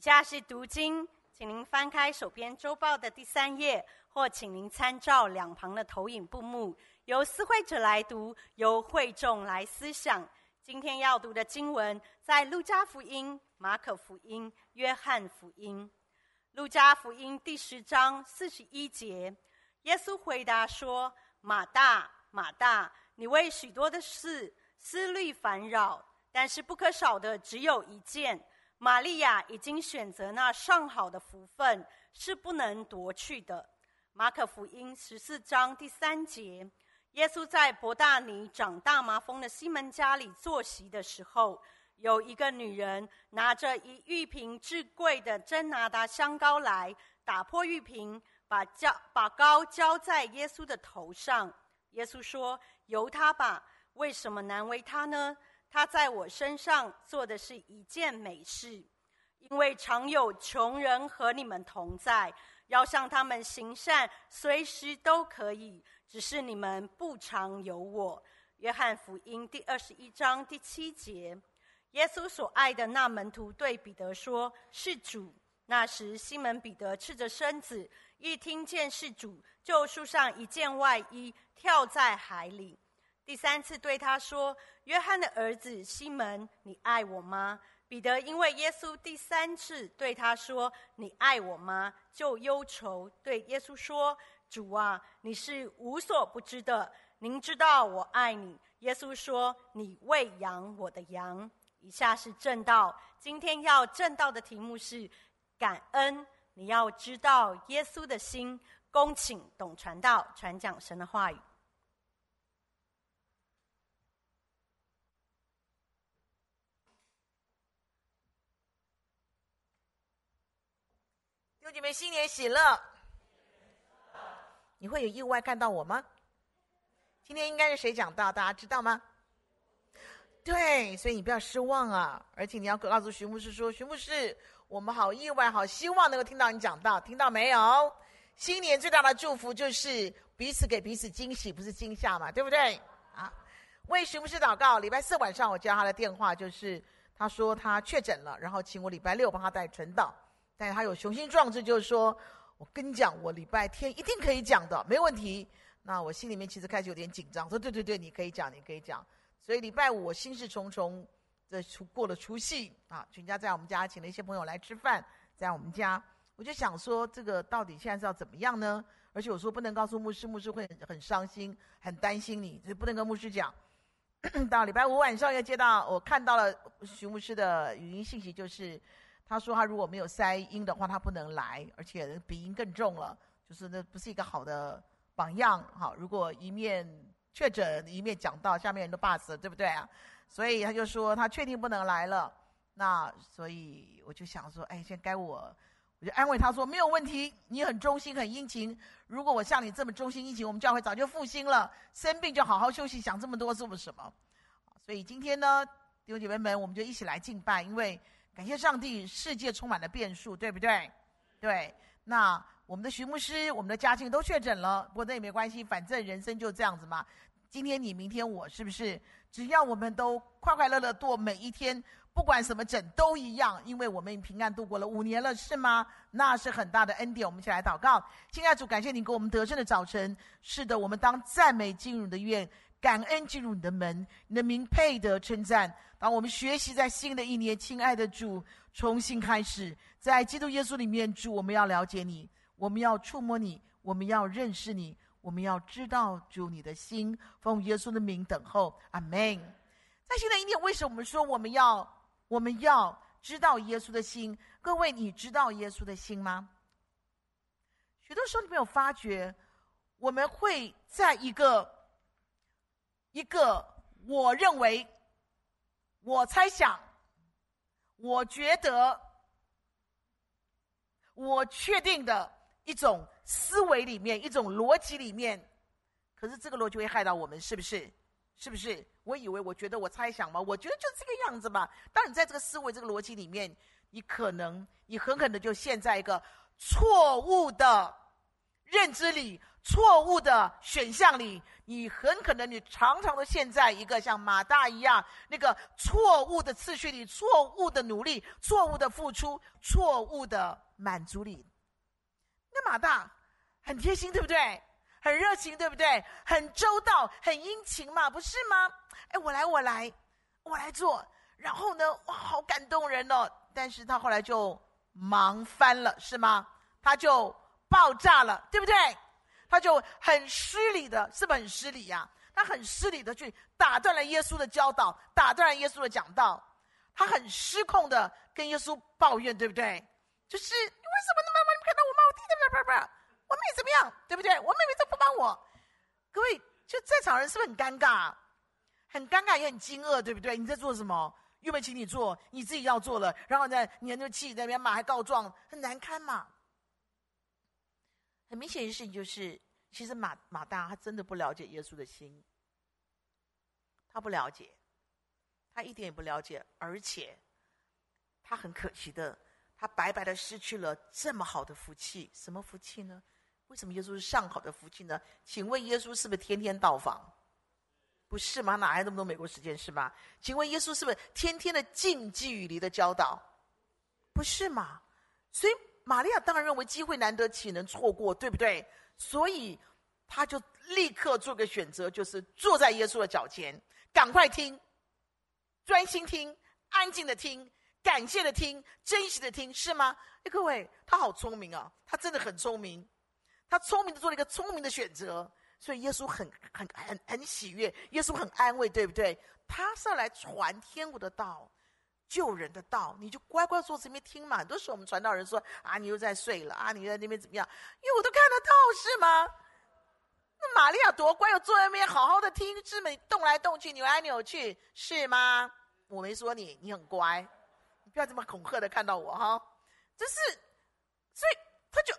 以下是讀經，請您翻開手邊周報的第三頁，或請您參照兩旁的投影布幕。由司會者來讀，由會眾來思想。今天要讀的經文在路加福音、馬可福音、約翰福音。路加福音第十章四十一節，耶穌回答說：“馬大，馬大，你為許多的事思慮煩擾，但是不可少的只有一件。”瑪利亞已經選擇那上好的福分，是不能奪去的。馬可福音十四章第三節，耶穌在伯大尼長大麻風的西門家裡坐席的時候，有一個女人拿着一玉瓶至貴的真哪噠香膏來，打破玉瓶，把澆把膏澆在耶穌的頭上。耶穌說：“由她吧，為什麼難為她呢？”她在我身上做的是一件美事，因為常有窮人和你們同在，要向他們行善，隨時都可以。只是你們不常有我。約翰福音第二十一章第七節，耶穌所愛的那門徒對彼得說：“是主。”那時，西門彼得赤着身子，一聽見是主，就束上一件外衣，跳在海裡。第三次對他說：“約翰的兒子西門，你愛我嗎？”彼得因為耶穌第三次對他說：“你愛我嗎？”就憂愁，對耶穌說：“主啊，你是無所不知的，您知道我愛你。”耶穌說：“你餵養我的羊。”以下是證道。今天要證道的題目是感恩。你要知道耶穌的心，恭請董傳道傳講神的話語。祝你們新年喜樂！你會有意外看到我嗎？今天應該是誰講道？大家知道嗎？對，所以你不要失望啊！而且你要告訴徐牧師說：“徐牧師，我們好意外，好希望能夠聽到你講道。”聽到沒有？新年最大的祝福就是彼此給彼此驚喜，不是驚嚇嘛？對不對？啊！為徐牧師禱告。禮拜四晚上我接他的電話，就是他說他確診了，然後請我禮拜六幫他帶晨道。但是他有雄心壯志，就是說我跟你講，我禮拜天一定可以講的，沒問題。那我心裡面其實開始有點緊張，說對對對，你可以講，你可以講。所以禮拜五我心事重重的過了除夕啊，全家在我們家請了一些朋友來吃飯，在我們家，我就想說這個到底現在是要怎麼樣呢？而且我說不能告訴牧師，牧師會很很傷心，很擔心你，所以不能跟牧師講。到禮拜五晚上又接到我看到了徐牧師的語音信息，就是。他說：“他如果沒有塞音的話，他不能來，而且鼻音更重了，就是那不是一個好的榜樣。好，如果一面確診一面講道下面人都霸死了，對不對啊？所以他就說他確定不能來了。那所以我就想說，哎，現在該我，我就安慰他說沒有問題，你很忠心很殷勤。如果我像你這麼忠心殷勤，我們教會早就復興了。生病就好好休息，想這麼多做什麼？所以今天呢，弟兄姐妹們，我們就一起來敬拜，因為。感謝上帝，世界充滿了變數，對不對？對，那我們的徐牧師、我們的家境都確診了，不過那也沒關係，反正人生就這樣子嘛。今天你，明天我，是不是？只要我們都快快樂樂度過每一天，不管什麼診，都一樣，因為我們平安度過了五年了，是嗎？那是很大的恩典，我們一起來禱告。親愛的主，感謝你給我們得勝的早晨。是的，我們當讚美進入的院。感恩進入你的門，你的名配得稱讚。當我們學習在新的一年，親愛的主，重新開始，在基督耶穌裡面，主，我們要了解你，我們要觸摸你，我們要認識你，我們要知道主你的心。奉耶穌的名等候，阿門。在新的一年，為什麼我們說我們要我們要知道耶穌的心？各位，你知道耶穌的心嗎？許多時候你沒有發覺，我們會在一個。一個，我認為，我猜想，我覺得，我確定的一種思維裡面，一種邏輯裡面，可是這個邏輯會害到我們，是不是？是不是？我以為，我覺得，我猜想嘛，我覺得就是這個樣子嘛。當你在這個思維、這個邏輯裡面，你可能，你很可能就陷在一個錯誤的認知裡。錯誤的選項裡，你很可能你常常都陷在一個像馬大一樣那個錯誤的次序裡，錯誤的努力，錯誤的付出，錯誤的滿足裡。那馬大很貼心，對不對？很熱情，對不對？很周到，很殷勤嘛，不是嗎？哎，我來，我來，我來做。然後呢，哇，好感動人哦！但是他後來就忙翻了，是嗎？他就爆炸了，對不對？他就很失禮的，是不是很失禮呀、啊？他很失禮的去打斷了耶穌的教導，打斷了耶穌的講道。他很失控的跟耶穌抱怨，對不對？就是你為什麼那麼忙？你不看到我罵我弟弟嗎？不不不，我妹妹怎麼樣？對不對？我妹妹都不幫我。各位就在場人是不是很尷尬？很尷尬也很驚愕，對不對？你在做什麼？又沒請你做，你自己要做了，然後在研究氣，在那邊罵還告狀，很難堪嘛。很明顯的事情就是，其實馬馬大他真的不了解耶穌的心，他不了解，他一點也不了解，而且他很可惜的，他白白的失去了這麼好的福氣。什麼福氣呢？為什麼耶穌是上好的福氣呢？請問耶穌是不是天天到訪？不是嗎？哪來那麼多美國時間是吧？請問耶穌是不是天天的近距離的教導？不是嗎？所以。瑪利亞當然認為機會難得，豈能錯過？對不對？所以他就立刻做個選擇，就是坐在耶穌的腳前，趕快聽，專心聽，安靜的聽，感謝的聽，珍惜的聽，是嗎？哎，各位，他好聰明啊！他真的很聰明，他聰明的做了一個聰明的選擇。所以耶穌很、很、很、很喜悅，耶穌很安慰，對不對？他是要來傳天國的道。救人的道，你就乖乖坐在那邊聽嘛。很多時候我們傳道人說：“啊，你又在睡了啊，你在那邊怎麼樣？”因為我都看得到，是嗎？那瑪利亞多乖，坐在那邊好好的聽，這麼動來動去、扭來扭去，是嗎？我沒說你，你很乖，你不要這麼恐嚇的看到我哈。就是，所以他就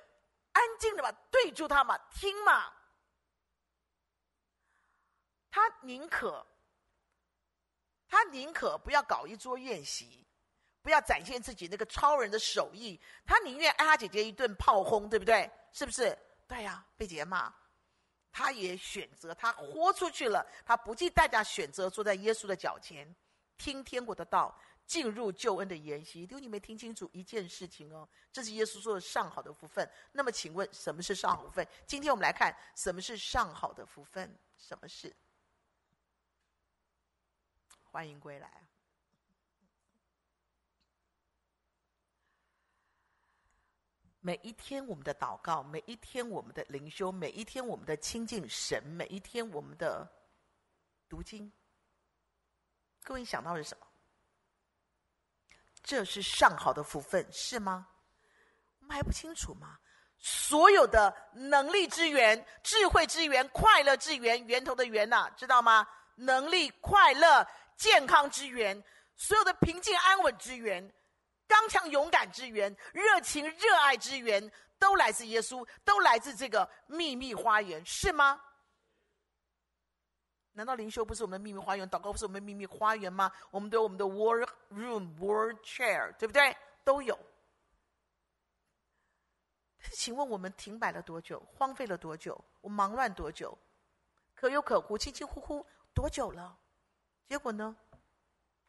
安靜的嘛，對住他嘛，聽嘛。他寧可。他寧可不要搞一桌宴席，不要展現自己那個超人的手藝，他寧願挨他姐姐一頓炮轟，對不對？是不是？對呀、啊，被姐姐罵，他也選擇，他豁出去了，他不計代價，選擇坐在耶穌的腳前，聽天國的道，進入救恩的筵席。弟兄，你沒聽清楚一件事情哦，這是耶穌做的上好的福分。那麼，請問什麼是上好福分？今天我們來看什麼是上好的福分，什麼是？歡迎歸來。每一天，我們的禱告，每一天我們的靈修，每一天我們的親近神，每一天我們的讀經，各位想到的是什麼？這是上好的福分，是嗎？我們還不清楚嗎？所有的能力之源、智慧之源、快樂之源，源頭的源吶、啊，知道嗎？能力、快樂。健康之源，所有的平靜安穩之源，剛強勇敢之源，熱情熱愛之源，都來自耶穌，都來自這個秘密花園，是嗎？難道靈修不是我們的秘密花園？禱告不是我們的秘密花園嗎？我們對我們的 war room war chair，對不對？都有。請問我們停擺了多久？荒廢了多久？我忙亂多久？可有可無，輕輕忽忽，多久了？結果呢？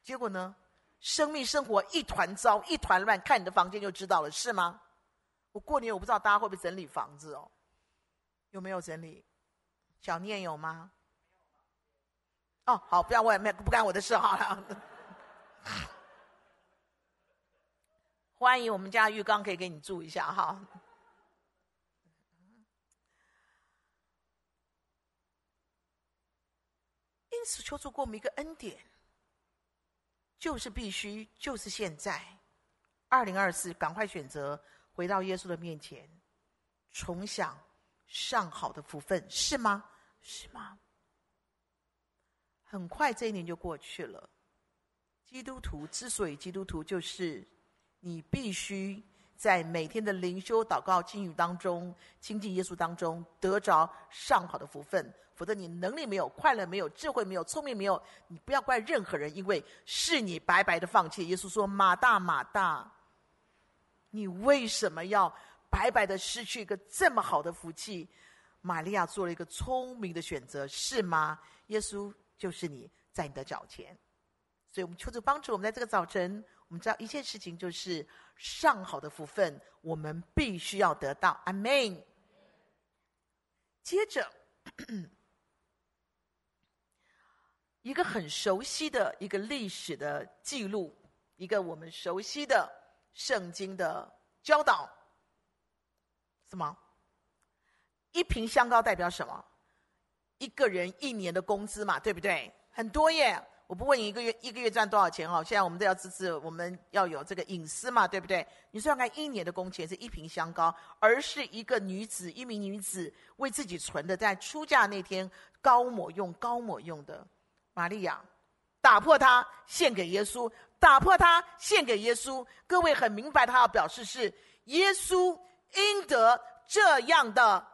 結果呢？生命生活一團糟，一團亂。看你的房間就知道了，是嗎？我過年我不知道大家會不會整理房子哦？有沒有整理？小念有嗎？哦，好，不然我也不干我的事好了。 歡迎我們家浴缸可以給你住一下哈。求主給我們一個恩典，就是必須，就是現在，二零二四，趕快選擇回到耶穌的面前，重享上好的福分，是嗎？是嗎？很快這一年就過去了。基督徒之所以基督徒，就是你必須在每天的靈修、禱告、讀經當中親近耶穌當中，得着上好的福分。覺得你能力沒有，快樂沒有，智慧沒有，聰明沒有，你不要怪任何人，因為是你白白的放棄。耶穌說：“馬大，馬大，你為什麼要白白的失去一個這麼好的福氣？”瑪利亞做了一個聰明的選擇，是嗎？耶穌就是你在你的腳前，所以我們求主幫助我們，在這個早晨，我們知道一件事情，就是上好的福分，我們必須要得到。阿門。接着。咳咳很熟悉的一個歷史的記錄，一個我們熟悉的聖經的教導。什麼？一瓶香膏代表什麼？一個人一年的工資嘛，對不對？很多耶！我不問你一個月一個月賺多少錢哦。現在我們都要支持，我們要有這個隱私嘛，對不對？你算看一年的工錢是一瓶香膏，而是一個女子，一名女子為自己存的，在出嫁那天膏抹用膏抹用的。瑪利亞，打破它獻給耶穌，打破它獻給耶穌。各位很明白，他要表示是耶穌應得這樣的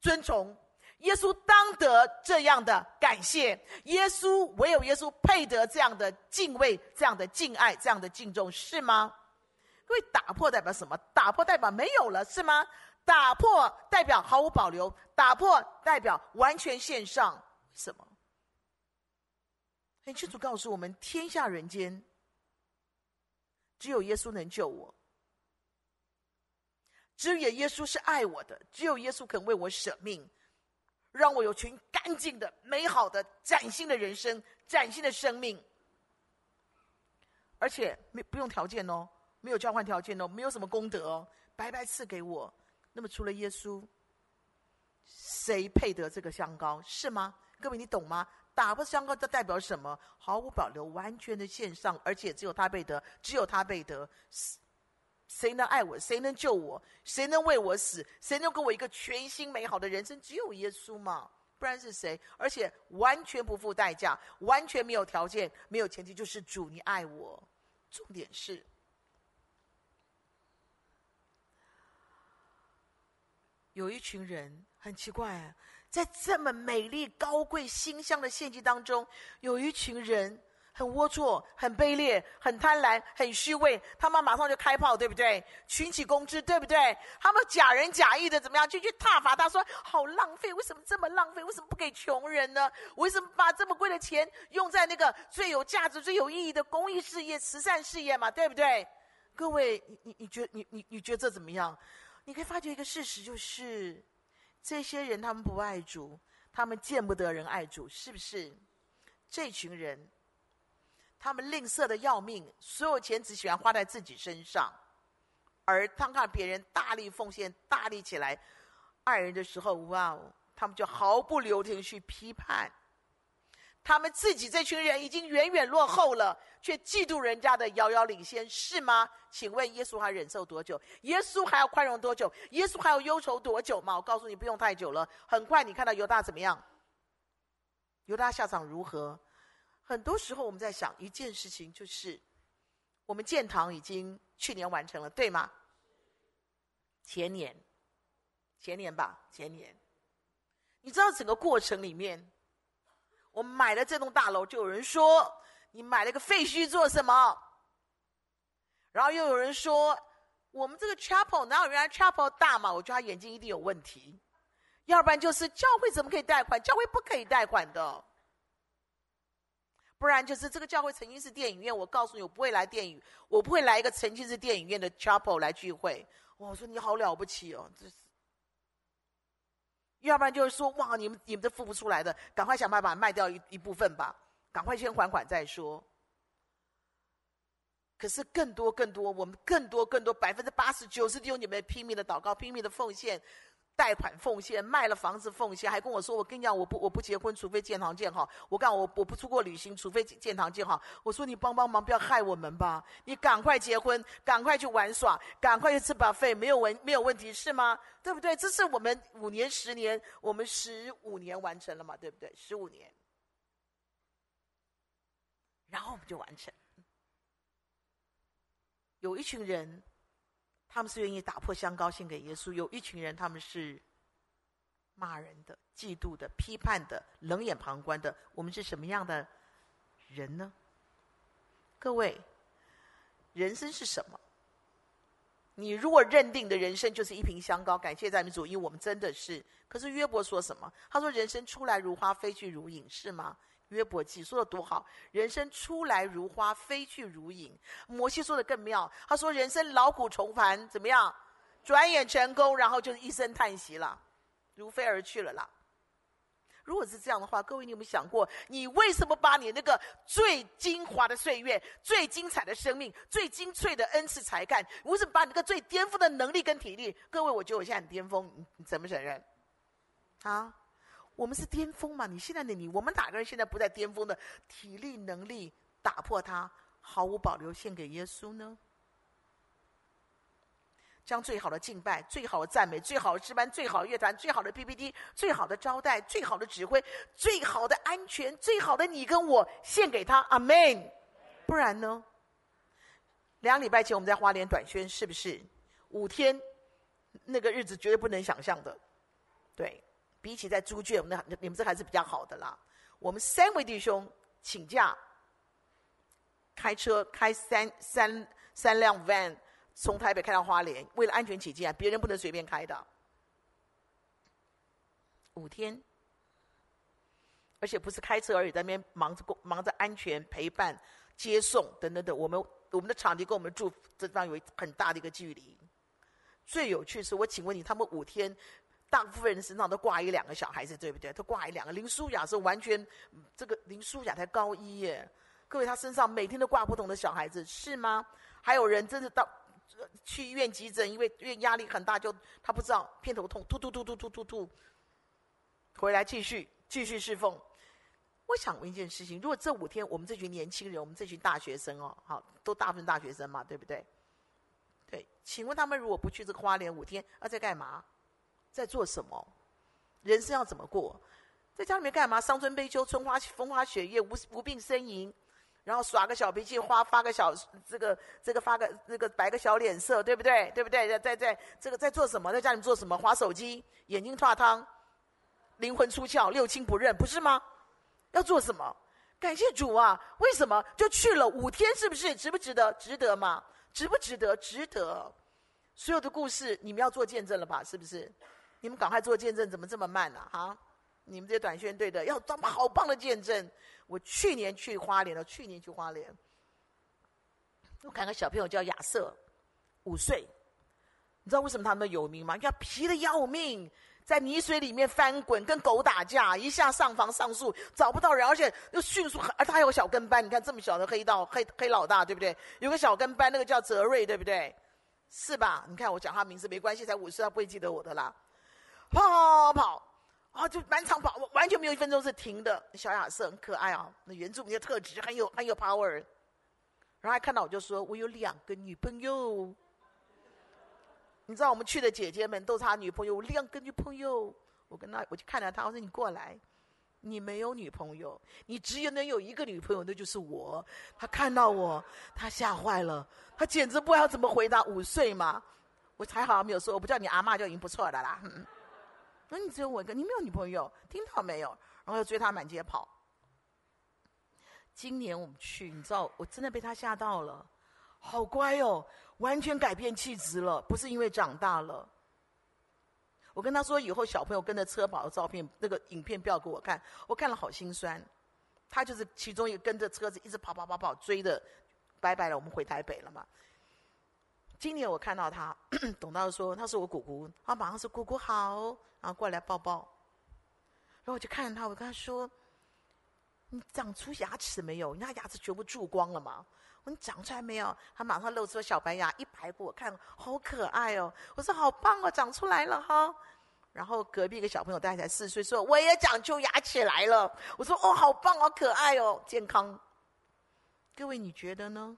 尊崇，耶穌當得這樣的感謝，耶穌唯有耶穌配得這樣的敬畏、這樣的敬愛、這樣的敬重，是嗎？會打破代表什麼？打破代表沒有了，是嗎？打破代表毫無保留，打破代表完全獻上，什麼？很清楚告訴我們：天下人間，只有耶穌能救我。只有耶穌是愛我的，只有耶穌肯為我舍命，讓我有全乾淨的、美好的、嶄新的人生，嶄新的生命。而且沒不用條件哦，沒有交換條件哦，沒有什麼功德哦，白白賜給我。那麼除了耶穌，誰配得這個香膏？是嗎？各位，你懂嗎？打破香膏，這代表什麼？毫無保留，完全的獻上，而且只有他配得，只有他配得。誰誰能愛我？誰能救我？誰能為我死？誰能給我一個全新美好的人生？只有耶穌嘛，不然是誰？而且完全不付代價，完全沒有條件，沒有前提，就是主，你愛我。重點是，有一群人很奇怪啊。在這麼美麗、高貴、馨香的獻祭當中，有一群人很齷齪、很卑劣、很貪婪、很虛偽，他們馬上就開炮，對不對？群起攻之，對不對？他們假仁假義的，怎麼樣？就去撻伐，他說：“好浪費，為什麼這麼浪費？為什麼不給窮人呢？為什麼把這麼貴的錢用在那個最有價值、最有意義的公益事業、慈善事業嘛？對不對？”各位，你你你覺你你你覺得這怎麼樣？你可以發覺一個事實，就是。這些人他們不愛主，他們見不得人愛主，是不是？這群人，他們吝嗇的要命，所有錢只喜歡花在自己身上，而當看別人大力奉獻、大力起來愛人的時候，哇哦，他們就毫不留情去批判。他們自己這群人已經遠遠落後了，卻嫉妒人家的遙遙領先，是嗎？請問耶穌還忍受多久？耶穌還要寬容多久？耶穌還要憂愁多久嗎？我告訴你，不用太久了，很快你看到猶大怎麼樣？猶大下場如何？很多時候我們在想一件事情，就是我們建堂已經去年完成了，對嗎？前年，前年吧，前年，你知道整個過程裡面，我買了這棟大樓，就有人說你買了個廢墟做什麼？然後又有人說我們這個 chapel 哪有原來 chapel 大嘛？我覺得他眼睛一定有問題，要不然就是教會怎麼可以貸款？教會不可以貸款的，不然就是這個教會曾經是電影院。我告訴你，我不會來電影，我不會來一個曾經是電影院的 chapel 來聚會。哇，我說你好了不起哦，這是。要不然就是說，哇！你們你們這付不出來的，趕快想辦法賣掉一一部分吧，趕快先還款再說。可是更多更多，我們更多更多，百分之八十九十用你們拼命的禱告，拼命的奉獻，貸款奉獻，賣了房子奉獻，還跟我說：“我跟你講，我不我不結婚，除非建堂建好。我講，我我不出國旅行，除非建堂建好。”我說：“你幫幫忙，不要害我們吧！你趕快結婚，趕快去玩耍，趕快去吃 buffet，沒有問沒有問題是嗎？對不對？這是我們五年、十年，我們十五年完成了嘛？對不對？十五年，然後我們就完成。有一群人。”他們是願意打破香膏獻給耶穌。有一群人，他們是罵人的、嫉妒的、批判的、冷眼旁觀的。我們是什麼樣的人呢？各位，人生是什麼？你如果認定的人生就是一瓶香膏，感謝讚美主，因為我們真的是。可是約伯說什麼？他說：“人生出來如花，飛去如影，是嗎？”約伯記說的多好，人生出來如花，飛去如影。摩西說的更妙，他說人生勞苦愁煩，怎麼樣？轉眼成空，然後就是一聲嘆息了，如飛而去了啦。如果是這樣的話，各位，你有沒有想過，你為什麼把你那個最精華的歲月、最精彩的生命、最精粹的恩賜才幹，為什麼把你那個最巔峰的能力跟體力？各位，我覺得我現在很巔峰，你怎麼承認？好、啊。我們是巔峰嘛？你現在的你，我們哪個人現在不在巔峰的體力能力，打破他，毫無保留獻給耶穌呢？將最好的敬拜、最好的讚美、最好的值班、最好的樂團、最好的 PPT、最好的招待、最好的指揮、最好的安全、最好的你跟我獻給他，Amen。不然呢？兩禮拜前我們在花蓮短宣，是不是五天？那個日子絕對不能想象的，對。比起在豬圈，我們那你們這還是比較好的啦。我們三位弟兄請假，開車開三三三輛 van 從台北開到花蓮，為了安全起見，別人不能隨便開的。五天，而且不是開車而已，在那邊忙着忙着安全、陪伴、接送等等等。我們我們的場地跟我們住這地方有很大的一個距離。最有趣是，我請問你，他們五天？大部分人身上都掛一兩個小孩子，對不對？他掛一兩個。林舒雅是完全，這個林舒雅才高一耶。各位，他身上每天都掛不同的小孩子，是嗎？還有人真的到去醫院急診，因為因為壓力很大，就他不知道偏頭痛，突突突突突突突，回來繼續繼續侍奉。我想問一件事情：如果這五天我們這群年輕人，我們這群大學生哦，好，都大部分大學生嘛，對不對？對，請問他們如果不去這個花蓮五天，那在幹嘛？在做什麼？人生要怎麼過？在家裡面幹嘛？傷春悲秋，春花風花雪月，無無病呻吟，然後耍個小脾氣，花發個小這個這個發個那、這個擺個小臉色，對不對？對不對？在在在這個在做什麼？在家裡面做什麼？滑手機，眼睛發燙，靈魂出竅，六親不認，不是嗎？要做什麼？感謝主啊！為什麼就去了五天？是不是？值不值得？值得嗎？值不值得？值得。所有的故事，你們要做見證了吧？是不是？你們趕快做見證，怎麼這麼慢啊？哈、啊，你們這些短宣隊的，要多麼好棒的見證！我去年去花蓮了，去年去花蓮。我看個小朋友叫亞瑟，五歲。你知道為什麼他們有名嗎？叫皮得要命，在泥水裡面翻滾，跟狗打架，一下上房上樹，找不到人，而且又迅速。而他還有小跟班，你看這麼小的黑道黑黑老大，對不對？有個小跟班，那個叫澤瑞，對不對？是吧？你看我講他名字沒關係，才五歲，他不會記得我的啦。跑跑跑啊，就滿場跑，我完全沒有一分鐘是停的。小雅是很可愛哦，那原住民的特質，很有很有 power。然後還看到我就說：“我有兩個女朋友。”你知道我們去的姐姐們都是他女朋友，我兩個女朋友。我跟他，我就看到他，我說：“你過來，你沒有女朋友，你只有能有一個女朋友，那就是我。”他看到我，他嚇壞了，他簡直不知道怎麼回答。五歲嘛，我才好沒有說，我不叫你阿嬤就已經不錯的啦。嗯你只有我一個，你沒有女朋友，聽到沒有？然後要追他滿街跑。今年我們去，你知道，我真的被他嚇到了，好乖哦，完全改變氣質了，不是因為長大了。我跟他說，以後小朋友跟着車跑的照片，那個影片不要給我看，我看了好心酸。他就是其中一個跟着車子一直跑跑跑跑追的，拜拜了，我們回台北了嘛。今年我看到他，董大說他是我姑姑，他馬上說姑姑好。然後過來，來抱抱，然後我就看着他，我跟他說：“你長出牙齒沒有？你那牙齒全部蛀光了嘛？我說你長出來沒有？他馬上露出小白牙一排給我看，好可愛哦！我說好棒哦，長出來了哈！然後隔壁一個小朋友，大概才四歲說，說我也長出牙齒來了。我說哦，好棒，好可愛哦，健康。各位你覺得呢？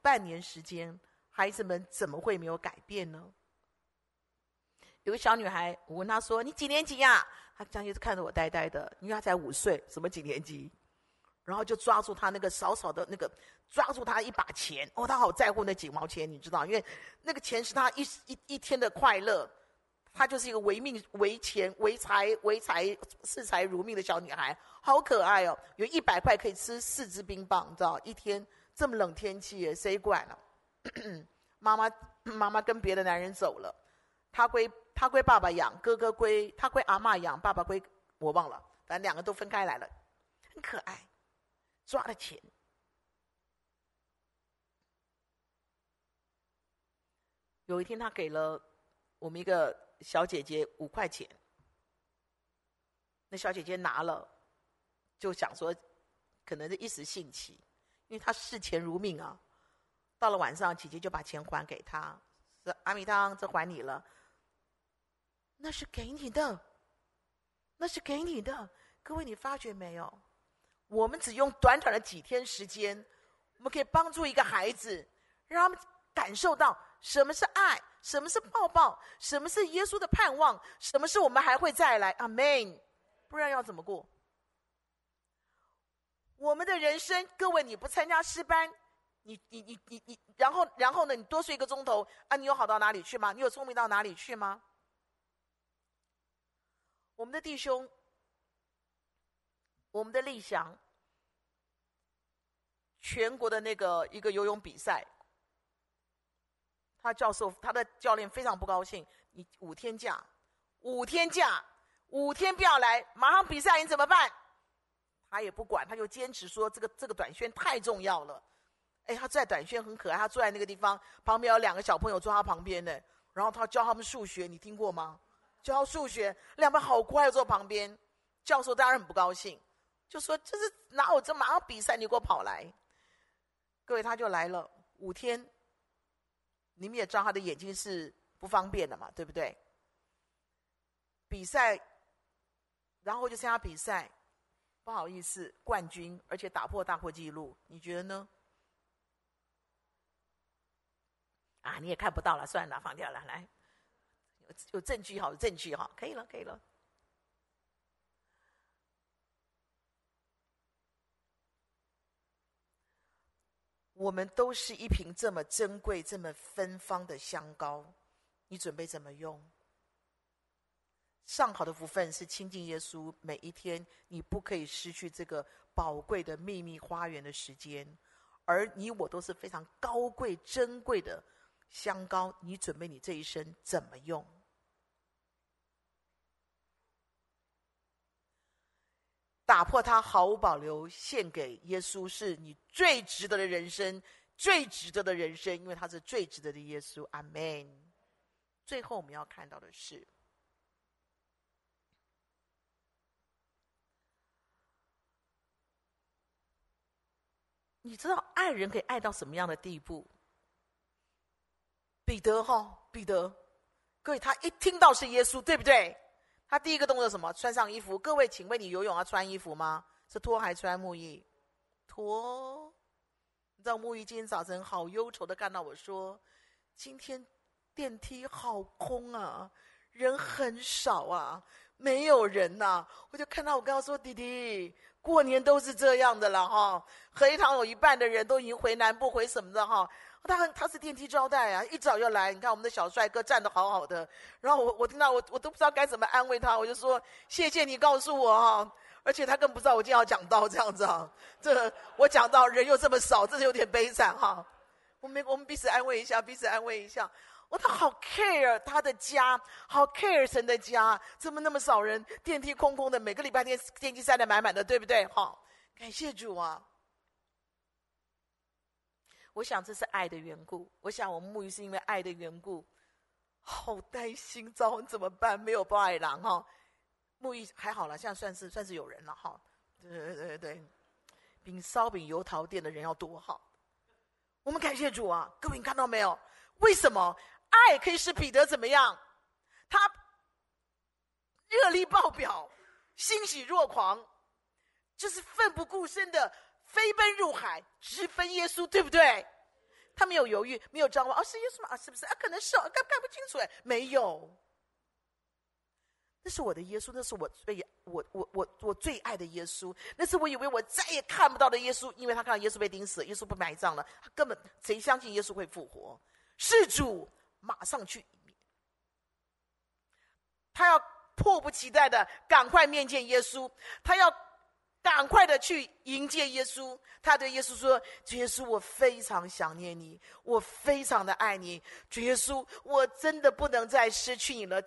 半年時間，孩子們怎麼會沒有改變呢？”有個小女孩，我問她說：“你幾年級呀、啊？”她當時看着我呆呆的，因為她才五歲，什麼幾年級？然後就抓住她那個小小的那個，抓住她一把錢。哦，她好在乎那幾毛錢，你知道？因為那個錢是她一一一,一天的快樂。她就是一個唯命唯錢唯財唯財視財,財如命的小女孩，好可愛哦！有一百塊可以吃四只冰棒，你知道？一天這麼冷天氣，誰管了、啊。媽媽媽媽跟別的男人走了，她歸。他歸爸爸養，哥哥歸，他歸阿嬤養，爸爸歸，我忘了，反正兩個都分開來了，很可愛。抓了錢，有一天他給了我們一個小姐姐五塊錢，那小姐姐拿了，就想說可能是一時興起，因為她視錢如命啊。到了晚上，姐姐就把錢還給他，說，阿米湯，這還你了。那是給你的，那是給你的，各位，你發覺沒有？我們只用短短的幾天時間，我們可以幫助一個孩子，讓他們感受到什麼是愛，什麼是抱抱，什麼是耶穌的盼望，什麼是我們還會再來。阿門！不然要怎麼過？我們的人生，各位，你不參加詩班，你你你你你，然後然後呢？你多睡一個鐘頭啊？你有好到哪裡去嗎？你有聰明到哪裡去嗎？我們的弟兄，我們的立祥，全國的那個一個游泳比賽，他教授他的教練非常不高興，你五天假，五天假，五天不要來，馬上比賽你怎麼辦？他也不管，他就堅持說這個這個短宣太重要了。哎，他在短宣很可愛，他坐在那個地方，旁邊有兩個小朋友坐他旁邊呢，然後他教他們數學，你聽過嗎？教數學，兩個好乖，坐旁邊。教授當然很不高興，就說：“這是哪有這麼？要比賽你給我跑來！”各位，他就來了五天。你們也知道他的眼睛是不方便的嘛，對不對？比賽，然後就參加比賽。不好意思，冠軍，而且打破大會紀錄。你覺得呢？啊，你也看不到了，算了，放掉了，來。有證據哈，有證據哈，可以了，可以了。我們都是一瓶這麼珍貴、這麼芬芳的香膏，你準備怎麼用？上好的福分是親近耶穌，每一天你不可以失去這個寶貴的秘密花園的時間。而你我都是非常高貴、珍貴的香膏，你準備你這一生怎麼用？打破它，毫無保留獻給耶穌，是你最值得的人生，最值得的人生，因為他是最值得的耶穌。阿門。最後，我們要看到的是，你知道愛人可以愛到什麼樣的地步？彼得哈、哦，彼得，各位，他一聽到是耶穌，對不對？他第一個動作什麼？穿上衣服。各位，請問你游泳要穿衣服嗎？是脫還穿，沐浴？脫。你知道沐浴今天早晨好憂愁的看到我說，今天電梯好空啊，人很少啊，沒有人吶、啊。我就看到我跟他說：“弟弟，過年都是這樣的了哈，合一堂有一半的人都已經回南部回什麼的哈。”他他是電梯招待啊，一早要來。你看我們的小帥哥站得好好的，然後我我聽到我我都不知道該怎麼安慰他，我就說謝謝你告訴我哈。而且他更不知道我今天要講到這樣子啊，這我講到人又這麼少，真是有點悲慘哈。我們我們彼此安慰一下，彼此安慰一下。我他好 care 他的家，好 care 神的家，怎麼那麼少人？電梯空空的，每個禮拜天電梯塞得滿滿的，對不對？好，感謝主啊。我想這是愛的緣故。我想我沐浴是因為愛的緣故。好擔心，糟，怎麼辦？沒有包愛狼。哈、哦？沐浴還好了，現在算是算是有人了哈、哦。對對對對，比燒餅油桃店的人要多好。我們感謝主啊！各位你看到沒有？為什麼愛可以使彼得怎麼樣？他熱力爆表，欣喜若狂，就是奮不顧身的。飛奔入海，直奔耶穌，對不對？他沒有猶豫，沒有張望。啊、哦，是耶穌嗎？啊、哦，是不是？啊，可能是哦，看、啊、看不清楚哎、欸，沒有。那是我的耶穌，那是我最我我我我最愛的耶穌，那是我以為我再也看不到的耶穌，因為他看到耶穌被釘死，耶穌被埋葬了，他根本誰相信耶穌會復活？是主，馬上去。他要迫不及待的趕快面見耶穌，他要。趕快的去迎接耶穌。他對耶穌說：“主耶穌，我非常想念你，我非常的愛你，主耶穌，我真的不能再失去你了。”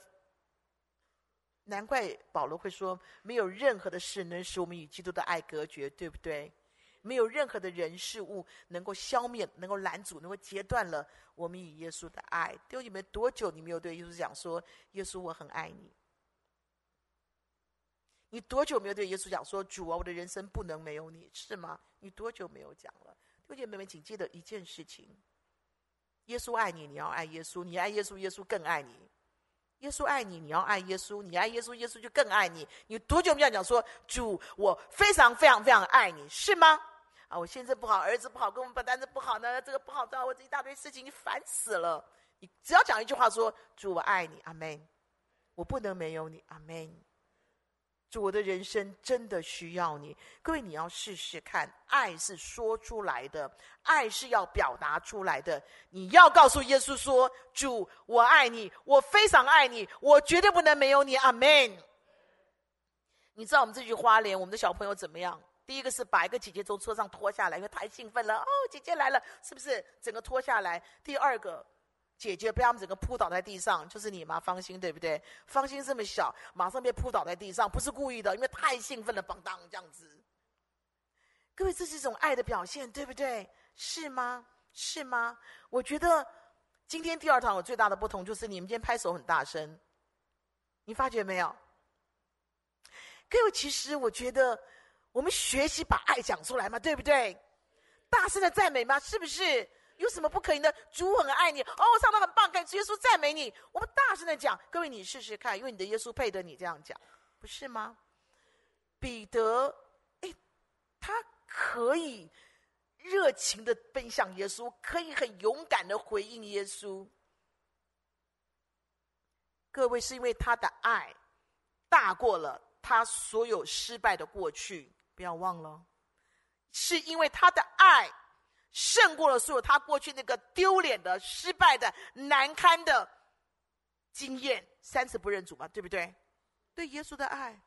難怪保羅會說：“沒有任何的事能使我們與基督的愛隔絕，對不對？沒有任何的人事物能夠消滅、能夠攔阻、能夠截斷了我們與耶穌的愛。”弟兄姐妹，多久你沒有對耶穌講說：“耶穌，我很愛你。”你多久沒有對耶穌講說：“主啊，我的人生不能沒有你是嗎？”你多久沒有講了？弟兄姐妹們，請記得一件事情：耶穌愛你，你要愛耶穌；你愛耶穌，耶穌更愛你。耶穌愛你，你要愛耶穌；你愛耶穌，耶穌就更愛你。你多久沒有講說：“主，我非常非常非常愛你，是嗎？”啊，我先生不好，兒子不好，跟我們班單子不好呢，這個不好，那我這一大堆事情，你煩死了。你只要講一句話說：“主，我愛你。”阿門。我不能沒有你。阿門。主，我的人生真的需要你。各位，你要試試看，愛是說出來的，愛是要表達出來的。你要告訴耶穌說：“主，我愛你，我非常愛你，我絕對不能沒有你。”阿門。你知道我們這句花蓮，我們的小朋友怎麼樣？第一個是把一個姐姐從車上拖下來，因為太興奮了。哦，姐姐來了，是不是？整個拖下來。第二個。姐姐被他們整個撲倒在地上，就是你嘛，芳心對不對？芳心這麼小，馬上被撲倒在地上，不是故意的，因為太興奮了，邦當這樣子。各位，這是一種愛的表現，對不對？是嗎？是嗎？我覺得今天第二堂我最大的不同就是，你們今天拍手很大聲，你發覺沒有？各位，其實我覺得我們學習把愛講出來嘛，對不對？大聲的讚美嘛，是不是？有什麼不可以呢？主很愛你哦，唱的很棒，感謝耶穌讚美你，我們大聲的講。各位，你試試看，因為你的耶穌配得你這樣講，不是嗎？彼得，誒，他可以熱情的奔向耶穌，可以很勇敢的回應耶穌。各位，是因為他的愛大過了他所有失敗的過去，不要忘了，是因為他的愛。勝過了所有他過去那個丟臉的、失敗的、難堪的經驗。三次不認主嘛，對不對？對耶穌的愛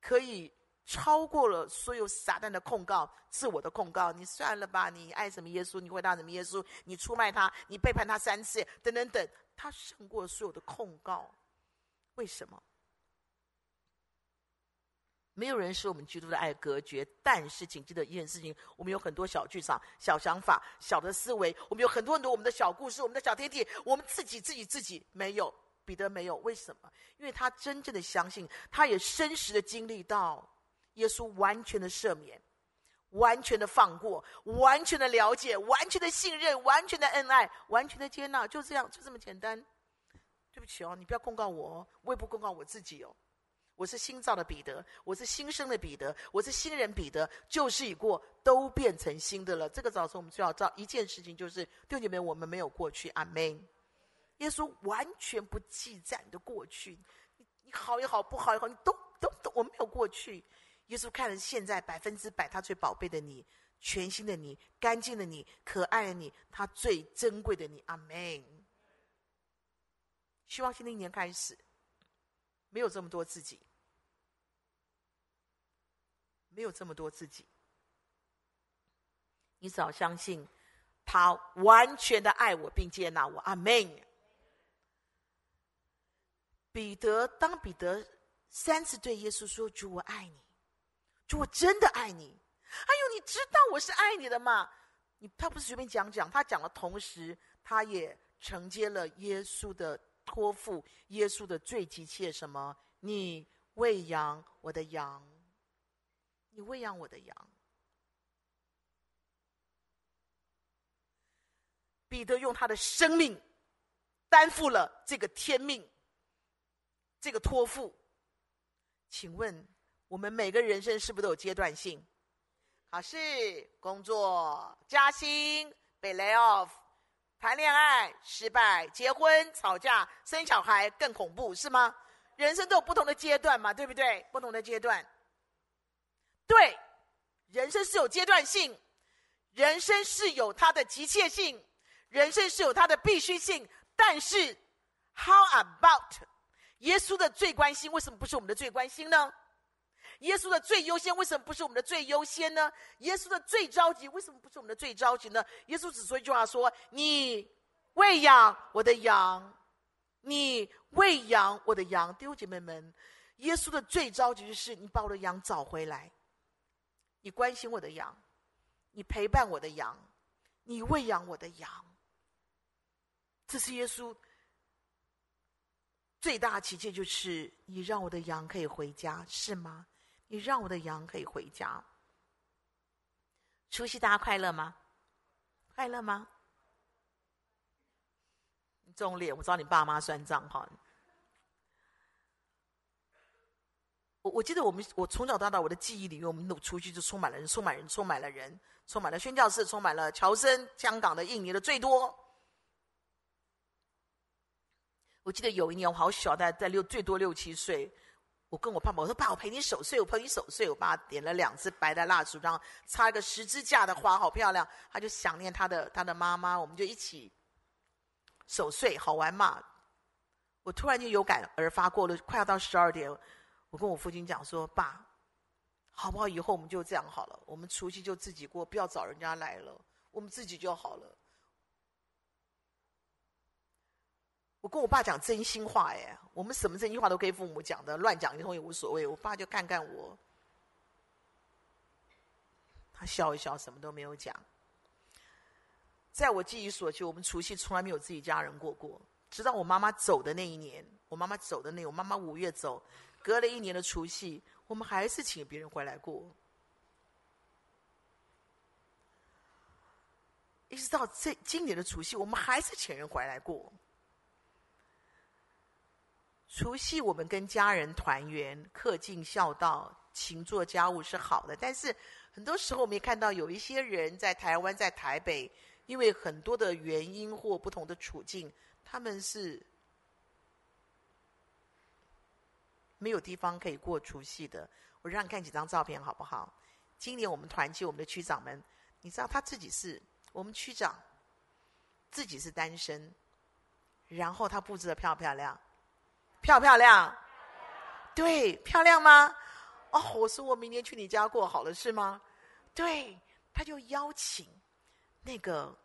可以超過了所有撒旦的控告、自我的控告。你算了吧，你愛什麼耶穌，你回答什麼耶穌。你出賣他，你背叛他三次，等等等，他勝過了所有的控告。為什麼？沒有人使我們與基督的愛隔絕，但是請記得一件事情：我們有很多小劇場、小想法、小的思維；我們有很多很多我們的小故事、我們的小天地。我們自己自己自己沒有，彼得沒有，為什麼？因為他真正的相信，他也真實的經歷到耶穌完全的赦免、完全的放過、完全的了解、完全的信任、完全的恩愛、完全的接納。就是、這樣，就這麼簡單。對不起哦，你不要控告我哦，我也不控告我自己哦。我是新造的彼得，我是新生的彼得，我是新人彼得，舊事已過，都變成新的了。這個早晨我們就要知道一件事情，就是弟兄姐妹，我們沒有過去，阿門。耶穌完全不記載你的過去，你好也好，不好也好，你都都都，我們沒有過去。耶穌看着現在百分之百，他最寶貝的你，全新的你，乾淨的你，可愛的你，他最珍貴的你，阿門。希望新的一年開始，沒有這麼多自己。沒有這麼多自己，你只要相信他完全的愛我並接納我。阿門。彼得，當彼得三次對耶穌說：“主，我愛你，主，我真的愛你。”哎呦，你知道我是愛你的嗎？你他不是隨便講講，他講了，同時他也承接了耶穌的托付，耶穌的最急切什麼？你餵養我的羊。你餵養我的羊。彼得用他的生命擔負了這個天命，這個託付。請問我們每個人生是不是都有階段性？考試、工作、加薪、被 lay off、談戀愛失敗、結婚、吵架、生小孩更恐怖，是嗎？人生都有不同的階段嘛，對不對？不同的階段。對，人生是有階段性，人生是有它的急切性，人生是有它的必須性。但是，How about？耶穌的最關心為什麼不是我們的最關心呢？耶穌的最優先為什麼不是我們的最優先呢？耶穌的最着急為什麼不是我們的最着急呢？耶穌只說一句話說：說你餵養我的羊，你餵養我的羊。弟兄姐妹們，耶穌的最着急是你把我的羊找回來。你關心我的羊，你陪伴我的羊，你餵養我的羊。這是耶穌最大的奇蹟，就是你讓我的羊可以回家，是嗎？你讓我的羊可以回家。除夕大家快樂嗎？快樂嗎？你這種臉，我找你爸媽算賬哈！我，我記得我們，我從小到大，我的記憶裡面，我們出去就充滿了人，充滿了人，充滿了人，充滿了宣教士，充滿了僑生，香港的、印尼的最多。我記得有一年我好小，大概在六最多六七歲，我跟我爸爸我說：“爸，我陪你守歲，我陪你守歲。”我爸點了兩支白的蠟燭，然後插一個十字架的花，好漂亮。他就想念他的他的媽媽，我們就一起守歲，好玩嘛。我突然就有感而發，過了快要到十二點。我跟我父親講說：“爸，好不好？以後我們就這樣好了。我們除夕就自己過，不要找人家來了，我們自己就好了。”我跟我爸講真心話，哎，我們什麼真心話都跟父母講的，亂講一通也無所謂。我爸就看看我，他笑一笑，什麼都沒有講。在我記憶所及，我們除夕從來沒有自己家人過過，直到我媽媽走的那一年。我媽媽走的那，我媽媽五月走，隔了一年的除夕，我們還是請別人回來過。一直到這今年的除夕，我們還是請人回來過。除夕我們跟家人團圓，恪盡孝道，勤做家務是好的。但是很多時候我們也看到有一些人在台灣、在台北，因為很多的原因或不同的處境，他們是。沒有地方可以過除夕的，我讓你看幾張照片好不好？今年我們團結我們的區長們，你知道他自己是我們區長，自己是單身，然後他布置的漂不漂亮？漂不漂亮？對，漂亮嗎？哦，我說我明年去你家過好了是嗎？對，他就邀請那個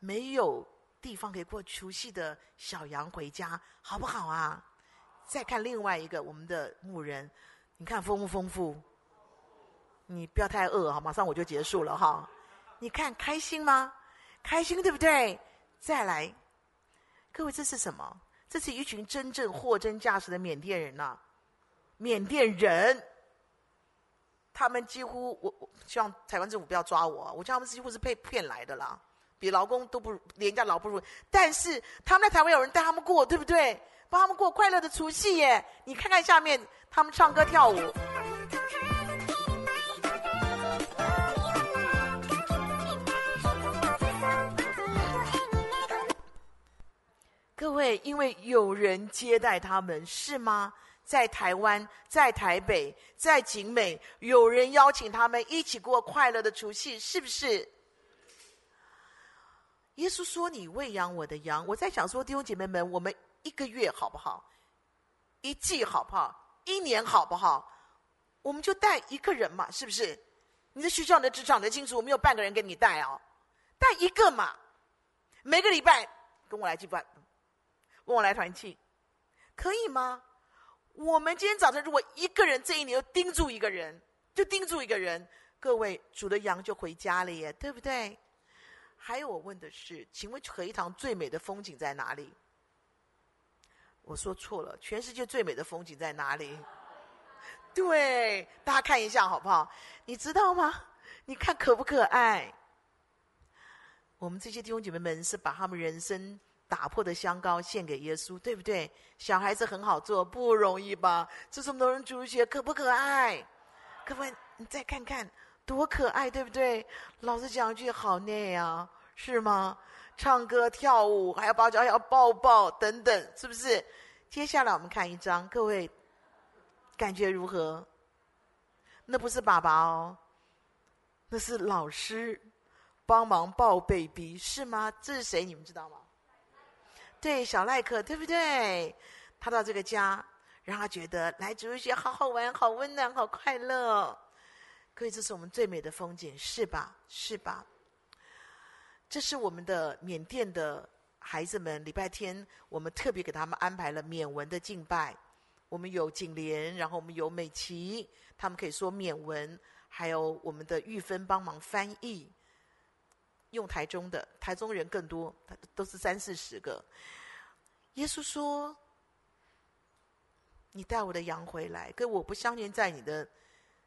沒有地方可以過除夕的小楊回家，好不好啊？再看另外一個我們的牧人，你看豐不豐富？你不要太餓哈，馬上我就結束了哈。你看開心嗎？開心對不對？再來，各位，這是什麼？這是一群真正貨真價實的緬甸人吶、啊！緬甸人，他們幾乎我我希望台灣政府不要抓我，我叫他們幾乎是被騙來的啦，比勞工都不廉價勞不如，但是他們在台灣有人帶他們過，對不對？幫他們過快樂的除夕耶！你看看下面，他們唱歌跳舞。各位，因為有人接待他們，是嗎？在台灣，在台北，在景美，有人邀請他們一起過快樂的除夕，是不是？耶穌說：“你餵養我的羊。”我在想說，弟兄姐妹們，我們。一個月好不好？一季好不好？一年好不好？我們就帶一個人嘛，是不是？你的學校的職場的清楚，我沒有半個人給你帶哦。帶一個嘛。每個禮拜跟我來聚會，跟我來團契，可以嗎？我們今天早晨如果一個人這一年就盯住一個人，就盯住一個人，各位，主的羊就回家了耶，對不對？還有我問的是，請問合一堂最美的風景在哪裡？我說錯了，全世界最美的風景在哪裡？對，大家看一下好不好？你知道嗎？你看可不可愛？我們這些弟兄姐妹們是把他們人生打破的香膏獻給耶穌，對不對？小孩子很好做，不容易吧？這這麼多人主寫，可不可愛？各位，你再看看，多可愛，對不對？老師講一句，好累啊，是嗎？唱歌跳舞，還要抱腳，要抱抱等等，是不是？接下來我們看一張，各位感覺如何？那不是爸爸哦，那是老師幫忙抱 baby，是嗎？這是誰？你們知道嗎？對，小賴克，對不對？他到這個家，讓他覺得來主日學好好玩，好溫暖，好快樂。可以，這是我們最美的風景，是吧？是吧？這是我們的緬甸的孩子們。禮拜天，我們特別給他們安排了緬文的敬拜。我們有景蓮，然後我們有美琪，他們可以說緬文，還有我們的玉芬幫忙翻譯。用台中的，台中人更多，他都是三四十個。耶穌說：“你帶我的羊回來，可我不相信在你的。”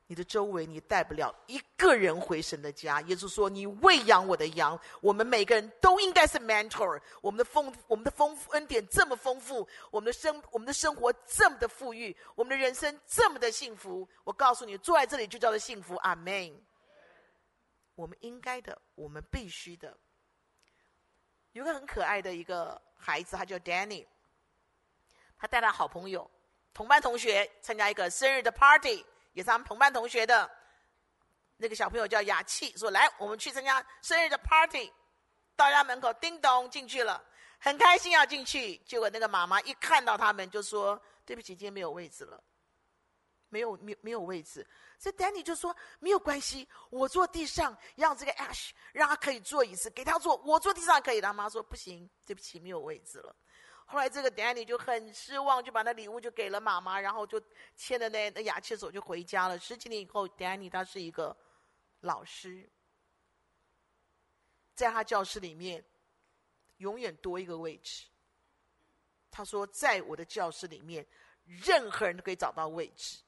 你的周圍，你帶不了一個人回神的家。也就是說，你餵養我的羊，我們每個人都應該是 mentor 我。我們的豐，我們的豐富恩典這麼豐富，我們的生，我們的生活這麼的富裕，我們的人生這麼的幸福。我告訴你，坐在這裡就叫做幸福。阿門。我們應該的，我們必須的。有個很可愛的一個孩子，他叫 Danny，他帶他好朋友、同班同學參加一個生日的 party。也是他們同班同學的那個小朋友叫雅琪，說：“來，我們去參加生日的 party。到家門口，叮咚進去了，很開心要進去。結果那個媽媽一看到他們，就說：對不起，今天沒有位置了，沒有，沒有沒有位置。所以丹尼就說：沒有關係，我坐地上，讓這個 Ash 讓他可以坐一次，給他坐，我坐地上可以。他媽說：不行，對不起，沒有位置了。”後來，這個 Danny 就很失望，就把那禮物就給了媽媽，然後就牽着那那牙籤走，就回家了。十幾年以後 ，Danny 他是一個老師，在他教室裡面永遠多一個位置。他說：“在我的教室裡面，任何人都可以找到位置。”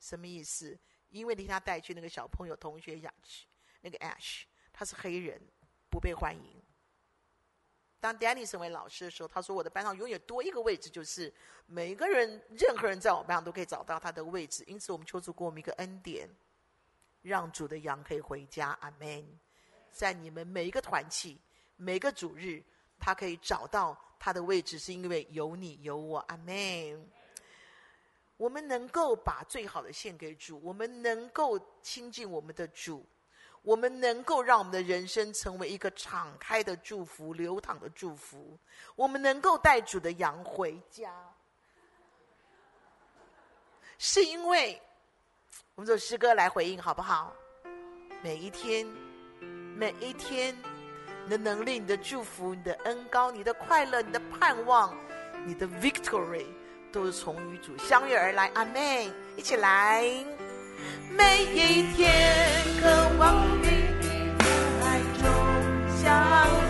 什麼意思？因為他帶去那個小朋友同學 Ash 那個 Ash 他是黑人，不被歡迎。當 Danny 成為老師的時候，他說：“我的班上永遠多一個位置，就是每一個人，任何人在我班上都可以找到他的位置。因此，我們求主給我們一個恩典，讓主的羊可以回家。阿們。在你們每一個團契、每個主日，他可以找到他的位置，是因為有你有我。阿們。我們能夠把最好的獻給主，我們能夠親近我們的主。”我們能夠讓我們的人生成為一個敞開的祝福、流淌的祝福。我們能夠帶主的羊回家，家，是因為我們做詩歌來回應，好不好？每一天，每一天，你的能力、你的祝福、你的恩膏、你的快樂、你的盼望、你的 victory，都是從與主相約而來。阿門！一起來。每一天，渴望與你在愛中相遇。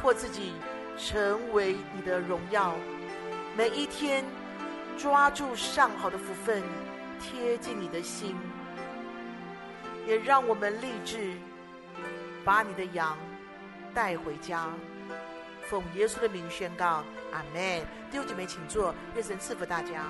破自己，成為你的榮耀。每一天，抓住上好的福分，貼近你的心。也讓我們立志，把你的羊帶回家，奉耶穌的名宣告，阿們。弟兄姐妹，請坐。願神賜福大家。